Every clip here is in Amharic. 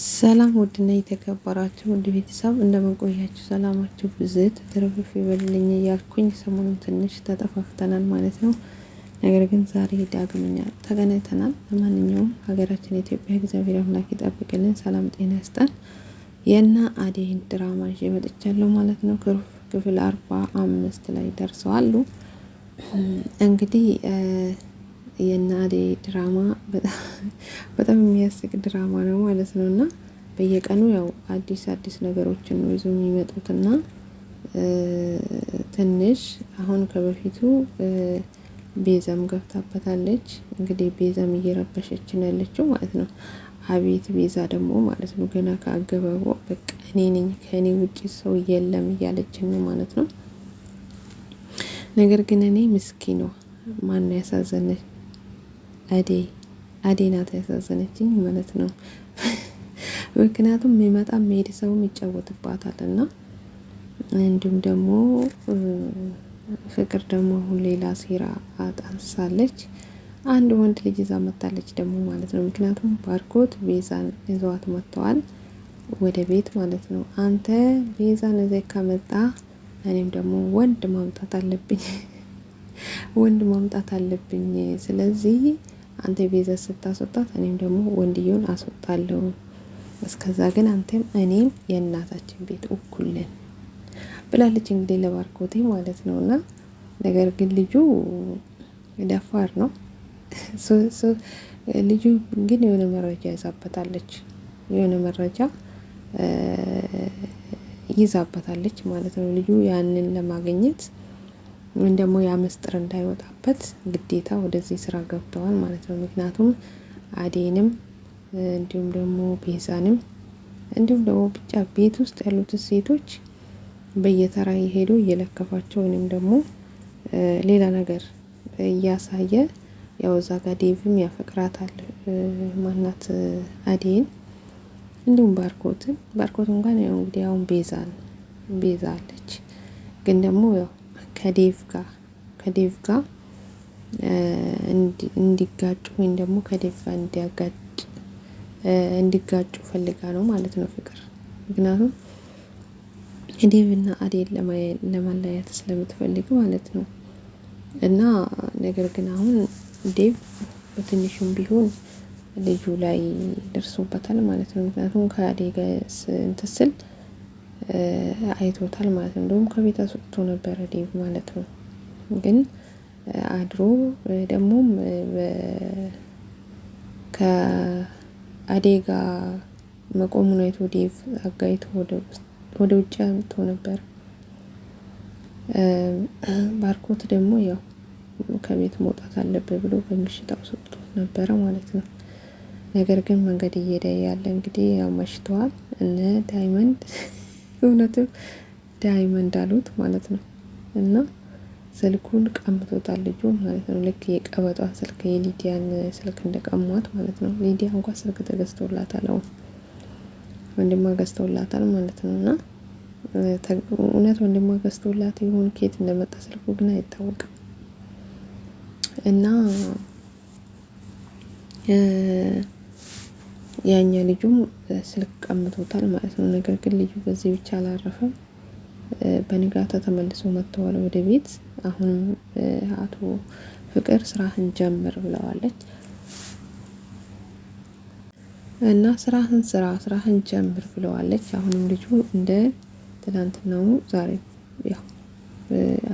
ሰላም ውድና የተከበራችሁ ውድ ቤተሰብ እንደምን ቆያችሁ? ሰላማችሁ ብዝት ትርፍፍ ይበልልኝ እያልኩኝ ሰሞኑን ትንሽ ተጠፋፍተናል ማለት ነው። ነገር ግን ዛሬ ዳግመኛ ተገናኝተናል። ለማንኛውም ሀገራችን ኢትዮጵያ እግዚአብሔር አምላክ ይጠብቅልን፣ ሰላም ጤና ይስጠን። የእነ አደይን ድራማ ይዤ መጥቻለሁ ማለት ነው። ክፍል አርባ አምስት ላይ ደርሰዋሉ እንግዲህ የአደይ ድራማ በጣም የሚያስቅ ድራማ ነው ማለት ነው። እና በየቀኑ ያው አዲስ አዲስ ነገሮችን ነው ይዞ የሚመጡት እና ትንሽ አሁን ከበፊቱ ቤዛም ገብታበታለች። እንግዲህ ቤዛም እየረበሸችን ያለችው ማለት ነው። አቤት ቤዛ ደግሞ ማለት ነው ገና ከአገባቡ በቃ እኔ ነኝ ከእኔ ውጭ ሰው የለም እያለችን ነው ማለት ነው። ነገር ግን እኔ ምስኪኗ ማን ያሳዘነች አዴ አዴ ናት ያሳዘነችኝ ማለት ነው። ምክንያቱም የሚመጣ የሚሄድ ሰውም ይጫወትባታል እና እንዲሁም ደግሞ ፍቅር ደግሞ አሁን ሌላ ሴራ አጣንሳለች። አንድ ወንድ ልጅ ይዛ መታለች ደግሞ ማለት ነው። ምክንያቱም ባርኮት ቤዛን ይዘዋት መጥተዋል ወደ ቤት ማለት ነው። አንተ ቤዛን እዚህ ከመጣ እኔም ደግሞ ወንድ ማምጣት አለብኝ ወንድ ማምጣት አለብኝ ስለዚህ አንተ ቤዛ ስታስወጣት እኔም ደግሞ ወንድየውን አስወጣለሁ። እስከዛ ግን አንተም እኔም የእናታችን ቤት እኩልን ብላለች። እንግዲህ ለባርኮቴ ማለት ነው እና ነገር ግን ልጁ ደፋር ነው። ልጁ ግን የሆነ መረጃ ይዛበታለች የሆነ መረጃ ይዛበታለች ማለት ነው። ልጁ ያንን ለማግኘት ወይም ደግሞ ያ ምስጢር እንዳይወጣበት ግዴታ ወደዚህ ስራ ገብተዋል ማለት ነው። ምክንያቱም አዴንም እንዲሁም ደግሞ ቤዛንም እንዲሁም ደግሞ ብቻ ቤት ውስጥ ያሉት ሴቶች በየተራ የሄዱ እየለከፋቸው ወይም ደግሞ ሌላ ነገር እያሳየ ያው እዛ ጋ ዴቭም ያፈቅራታል ማናት አዴን እንዲሁም ባርኮትን ባርኮት እንኳን ያው እንግዲህ አሁን ቤዛን ቤዛ አለች ግን ደግሞ ያው ከዴቭ ጋር ከዴቭ ጋር እንዲጋጩ ወይም ደግሞ ከዴቭ ጋር እንዲያጋጭ እንዲጋጩ ፈልጋ ነው ማለት ነው ፍቅር። ምክንያቱም እና አዴ ለማለያት ስለምትፈልግ ማለት ነው። እና ነገር ግን አሁን ዴቭ በትንሹም ቢሆን ልጁ ላይ ደርሶበታል ማለት ነው። ምክንያቱም ከአዴ ጋር እንትን ስል አይቶታል ማለት ነው። እንደውም ከቤት አስወጥቶ ነበረ ዴቭ ማለት ነው። ግን አድሮ ደግሞም ከአዴጋ መቆሙን አይቶ ዴቭ አጋይቶ ወደ ውጭ አምጥቶ ነበር። ባርኮት ደግሞ ያው ከቤት መውጣት አለበት ብሎ በምሽት አስወጥቶት ነበረ ማለት ነው። ነገር ግን መንገድ እየሄደ ያለ እንግዲህ ያው መሽተዋል እነ ዳይመንድ እውነትም ዳይመንድ አሉት ማለት ነው። እና ስልኩን ቀምቶታል ልጁ ማለት ነው። ልክ የቀበጧን ስልክ የሊዲያን ስልክ እንደቀሟት ማለት ነው። ሊዲያ እንኳ ስልክ ተገዝቶላታል፣ አሁን ወንድሟ ገዝቶላታል ማለት ነው። እና እውነት ወንድሟ ገዝቶላት ይሁን ኬት እንደመጣ ስልኩ ግን አይታወቅም። እና ያኛ ልጁም ስልክ ቀምቶታል ማለት ነው። ነገር ግን ልጁ በዚህ ብቻ አላረፈም። በንጋታ ተመልሶ መጥተዋል ወደ ቤት። አሁንም አቶ ፍቅር ስራህን ጀምር ብለዋለች እና ስራህን ስራ ስራህን ጀምር ብለዋለች። አሁንም ልጁ እንደ ትናንትናው ዛሬ ያው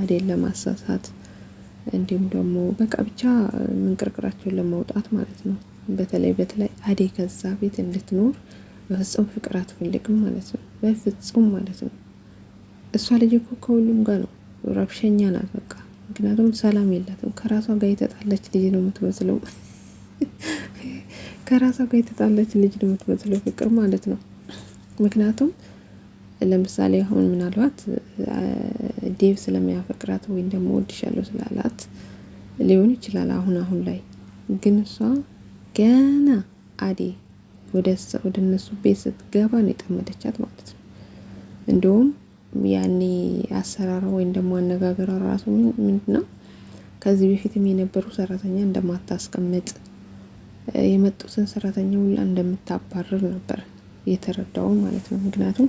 አዴን ለማሳሳት እንዲሁም ደግሞ በቃ ብቻ ምንቅርቅራቸውን ለማውጣት ማለት ነው በተለይ በተለይ አዴ ከዛ ቤት እንድትኖር በፍጹም ፍቅር አትፈልግም ማለት ነው። በፍጹም ማለት ነው። እሷ ልጅ እኮ ከሁሉም ጋር ነው፣ ረብሸኛ ናት በቃ። ምክንያቱም ሰላም የላትም። ከራሷ ጋር የተጣለች ልጅ ነው የምትመስለው። ከራሷ ጋር የተጣለች ልጅ ነው የምትመስለው ፍቅር ማለት ነው። ምክንያቱም ለምሳሌ አሁን ምናልባት ዴቭ ስለሚያፈቅራት ወይም ደግሞ ወድሻለሁ ስላላት ሊሆን ይችላል አሁን አሁን ላይ ግን እሷ ገና አዴ ወደ ወደ እነሱ ቤት ስትገባ ነው የጠመደቻት ማለት ነው። እንዲሁም ያኔ አሰራሯ ወይም ደግሞ አነጋገሯ ራሱ ነው ከዚህ በፊትም የነበሩ ሰራተኛ እንደማታስቀምጥ የመጡትን ሰራተኛ ሁላ እንደምታባረር ነበር የተረዳው ማለት ነው። ምክንያቱም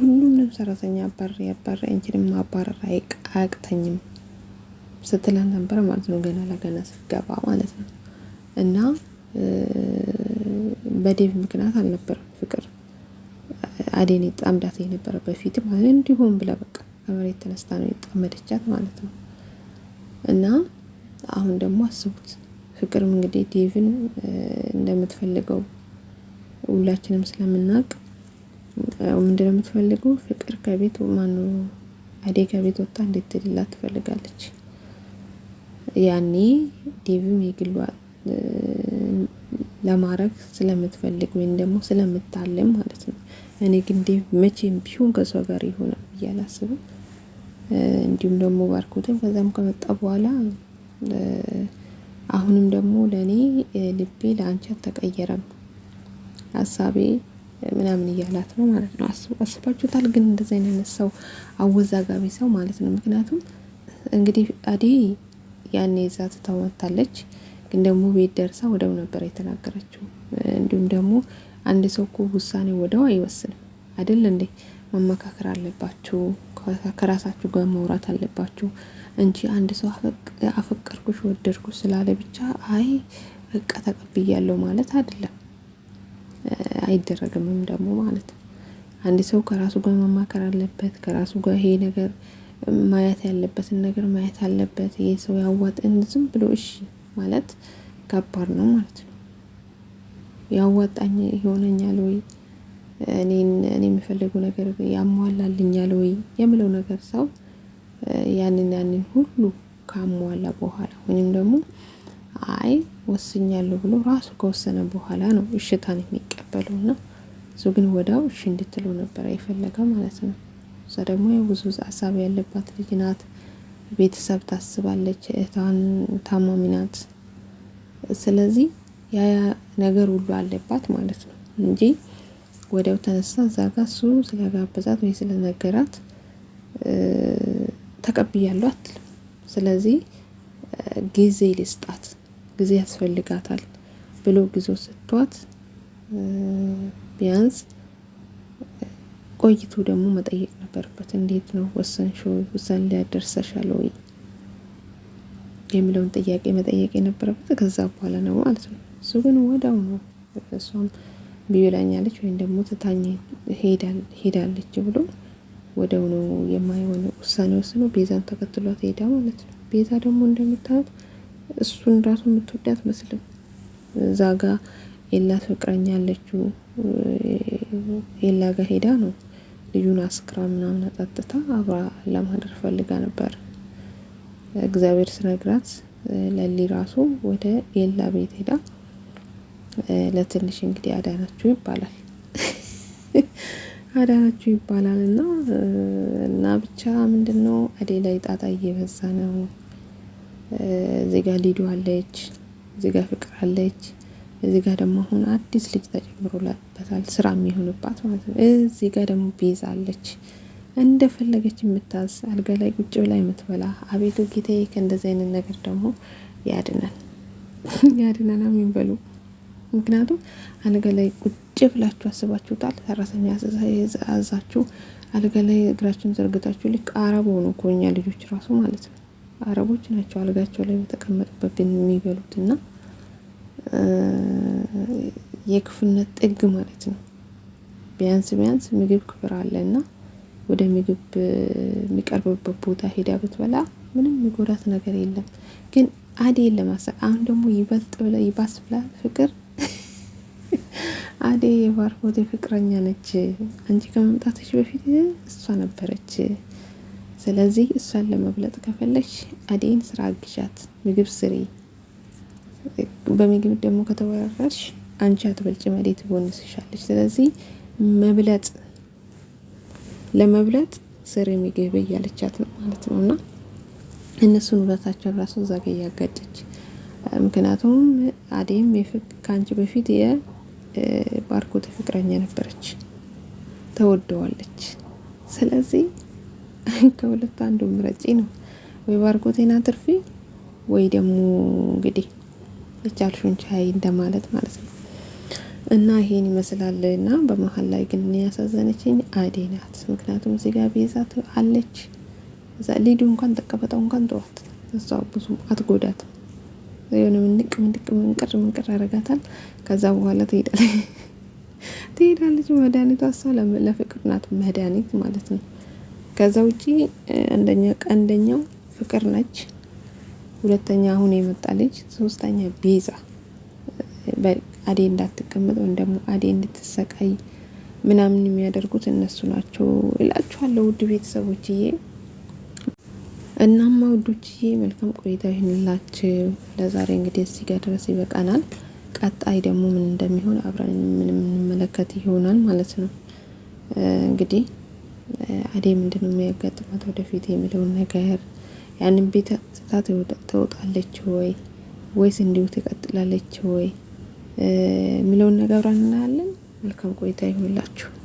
ሁሉንም ሰራተኛ አባር ያባረ እንችንም ማባረር አያቅተኝም ስትለን ነበር ማለት ነው። ገና ለገና ስትገባ ማለት ነው። እና በዴቭ ምክንያት አልነበረም ፍቅር አዴን ጣምዳት የነበረ በፊት ማለት እንዲሁም ብለ በቃ ከመሬት ተነስታ ነው የጣመደቻት ማለት ነው። እና አሁን ደግሞ አስቡት ፍቅርም እንግዲህ ዴቭን እንደምትፈልገው ሁላችንም ስለምናውቅ ምንድነው የምትፈልገው? ፍቅር ከቤት ማኑ አዴ ከቤት ወጣ እንዴት ትልላት ትፈልጋለች። ያኔ ዴቭም የግሏል ለማድረግ ስለምትፈልግ ወይም ደግሞ ስለምታለም ማለት ነው። እኔ ግን መቼም ቢሆን ከእሷ ጋር ይሆነ ብዬ አላስብም። እንዲሁም ደግሞ ባርኮትም ከዛም ከመጣ በኋላ አሁንም ደግሞ ለእኔ ልቤ ለአንቺ አልተቀየረም ሀሳቤ ምናምን እያላት ነው ማለት ነው። አስባችሁታል? ግን እንደዚህ አይነት ሰው አወዛጋቢ ሰው ማለት ነው። ምክንያቱም እንግዲህ አዴ ያኔ እዛ ትተዋታለች። ግን ደግሞ ቤት ደርሳ ወደው ነበር የተናገረችው። እንዲሁም ደግሞ አንድ ሰው እኮ ውሳኔ ወደው አይወስንም አይደል እንዴ? መመካከር አለባችሁ፣ ከራሳችሁ ጋር መውራት አለባችሁ እንጂ አንድ ሰው አፈቀርኩሽ ወደድኩሽ ስላለ ብቻ አይ በቃ ተቀብያለሁ ማለት አይደለም፣ አይደረግምም ደግሞ ማለት ነው። አንድ ሰው ከራሱ ጋር መማከር አለበት። ከራሱ ጋር ይሄ ነገር ማየት ያለበትን ነገር ማየት አለበት። ይሄ ሰው ያዋጠን ዝም ብሎ እሺ ማለት ከባድ ነው ማለት ነው። ያዋጣኝ ይሆነኛል ወይ እኔን እኔ የሚፈልገው ነገር ያሟላልኛል ወይ የምለው ነገር ሰው ያንን ያንን ሁሉ ካሟላ በኋላ ወይም ደግሞ አይ ወስኛለሁ ብሎ ራሱ ከወሰነ በኋላ ነው እሽታን የሚቀበለው እና እሱ ግን ወዳው እሺ እንድትለው ነበር የፈለገ ማለት ነው። እሷ ደግሞ የብዙ ሀሳብ ያለባት ልጅ ናት። ቤተሰብ ታስባለች፣ እህቷን ታማሚ ናት። ስለዚህ ያ ነገር ሁሉ አለባት ማለት ነው እንጂ ወዲያው ተነሳ እዛ ጋ እሱ ስለጋበዛት ወይ ስለነገራት ተቀብያለሁ አትልም። ስለዚህ ጊዜ ልስጣት፣ ጊዜ ያስፈልጋታል ብሎ ጊዜ ስቷት ቢያንስ ቆይቱ ደግሞ መጠየቅ ነው። ነበረበት። እንዴት ነው ወሰንሽ? ውሳኔ ሊያደርሰሻል ወይ የሚለውን ጥያቄ መጠየቅ የነበረበት ከዛ በኋላ ነው ማለት ነው። እሱ ግን ወዳው ነው እሷም ቢበላኛለች ወይም ደግሞ ትታኝ ሄዳለች ብሎ ወደው ነው የማይሆነ ውሳኔ ወስኖ ቤዛን ተከትሏት ሄዳ ማለት ነው። ቤዛ ደግሞ እንደምታዩት እሱን ራሱ የምትወድ አትመስልም። እዛ ጋ ኤላ ፍቅረኛ አለችው ኤላ ጋ ሄዳ ነው ልጁን አስክራ ምናምን አጠጥታ አብራ ለማደር ፈልጋ ነበር። እግዚአብሔር ስነግራት ለሊ ራሱ ወደ ኤላ ቤት ሄዳ ለትንሽ እንግዲህ አዳናችሁ ይባላል አዳናችሁ ይባላል እና እና ብቻ ምንድን ነው አዴ ላይ ጣጣ እየበዛ ነው። ዜጋ ሊዱ አለች፣ ዜጋ ፍቅር አለች። እዚህ ጋር ደግሞ አሁን አዲስ ልጅ ተጨምሮላበታል ስራ የሚሆንባት ማለት ነው። እዚህ ጋር ደግሞ ቤዛ አለች እንደፈለገች የምታዝ አልጋ ላይ ቁጭ ብላ የምትበላ። አቤቱ ጌታዬ ከእንደዚህ አይነት ነገር ደግሞ ያድነን ያድነን የሚበሉ ምክንያቱም አልጋ ላይ ቁጭ ብላችሁ አስባችሁታል። ሰራተኛ አዛችሁ አልጋ ላይ እግራችሁን ዘርግታችሁ ልክ አረብ ሆኑ ኮኛ ልጆች ራሱ ማለት ነው አረቦች ናቸው አልጋቸው ላይ በተቀመጡበት የሚበሉትና የክፉነት ጥግ ማለት ነው። ቢያንስ ቢያንስ ምግብ ክብር እና ወደ ምግብ የሚቀርብበት ቦታ ሄዳ ብትበላ ምንም የሚጎዳት ነገር የለም። ግን አዴን ለማሰ አሁን ደግሞ ይበልጥ ብለ ይባስ ብላ ፍቅር አዴ የባርኮቴ ፍቅረኛ ነች። አንቺ ከመምጣትሽ በፊት እሷ ነበረች። ስለዚህ እሷን ለመብለጥ ከፈለግሽ አዴን ስራ አግዣት፣ ምግብ ስሪ በምግብ ደግሞ ከተወራራሽ አንቺ አትበልጭ መሬት ቦንስሻለች። ስለዚህ መብለጥ ለመብለጥ ስር ምግብ እያለቻት ነው ማለት ነው እና እነሱን ውለታቸውን ራሱ እዛ ጋ እያጋጨች ምክንያቱም አዴም ከአንቺ በፊት የባርኮት ፍቅረኛ ነበረች፣ ተወደዋለች። ስለዚህ ከሁለት አንዱ ምረጪ ነው ወይ ባርኮቴና ትርፊ ወይ ደግሞ እንግዲህ የቻልሽውን ቻይ እንደማለት ማለት ነው። እና ይሄን ይመስላል። እና በመሀል ላይ ግን ያሳዘነችኝ አዴ ናት። ምክንያቱም እዚህ ጋር ቤዛት አለች። እዛ ሊዱ እንኳን ተቀበጠው እንኳን ተዋት። እሷ ብዙ አትጎዳት። የሆነ ምንቅ ምንቅ ምንቅር ምንቅር ያደርጋታል። ከዛ በኋላ ትሄዳለች ትሄዳለች። መድኃኒቷ እሷ ለፍቅር ናት መድኃኒት ማለት ነው። ከዛ ውጪ አንደኛ ቀንደኛው ፍቅር ነች። ሁለተኛ አሁን የመጣ ልጅ፣ ሶስተኛ ቤዛ አዴ እንዳትቀመጥ ወይም ደግሞ አዴ እንድትሰቃይ ምናምን የሚያደርጉት እነሱ ናቸው እላችኋለሁ ውድ ቤተሰቦችዬ። እናማ ውዶችዬ መልካም ቆይታ ይሁንላችሁ። ለዛሬ እንግዲህ እዚህ ጋር ድረስ ይበቃናል። ቀጣይ ደግሞ ምን እንደሚሆን አብረን የምንመለከት ይሆናል ማለት ነው። እንግዲህ አዴ ምንድነው የሚያጋጥማት ወደፊት የሚለውን ነገር ያንን ቤት ስታ ተወጣለች ወይ ወይስ እንዲሁ ትቀጥላለች ወይ የሚለውን ነገር እናያለን። መልካም ቆይታ ይሁንላችሁ።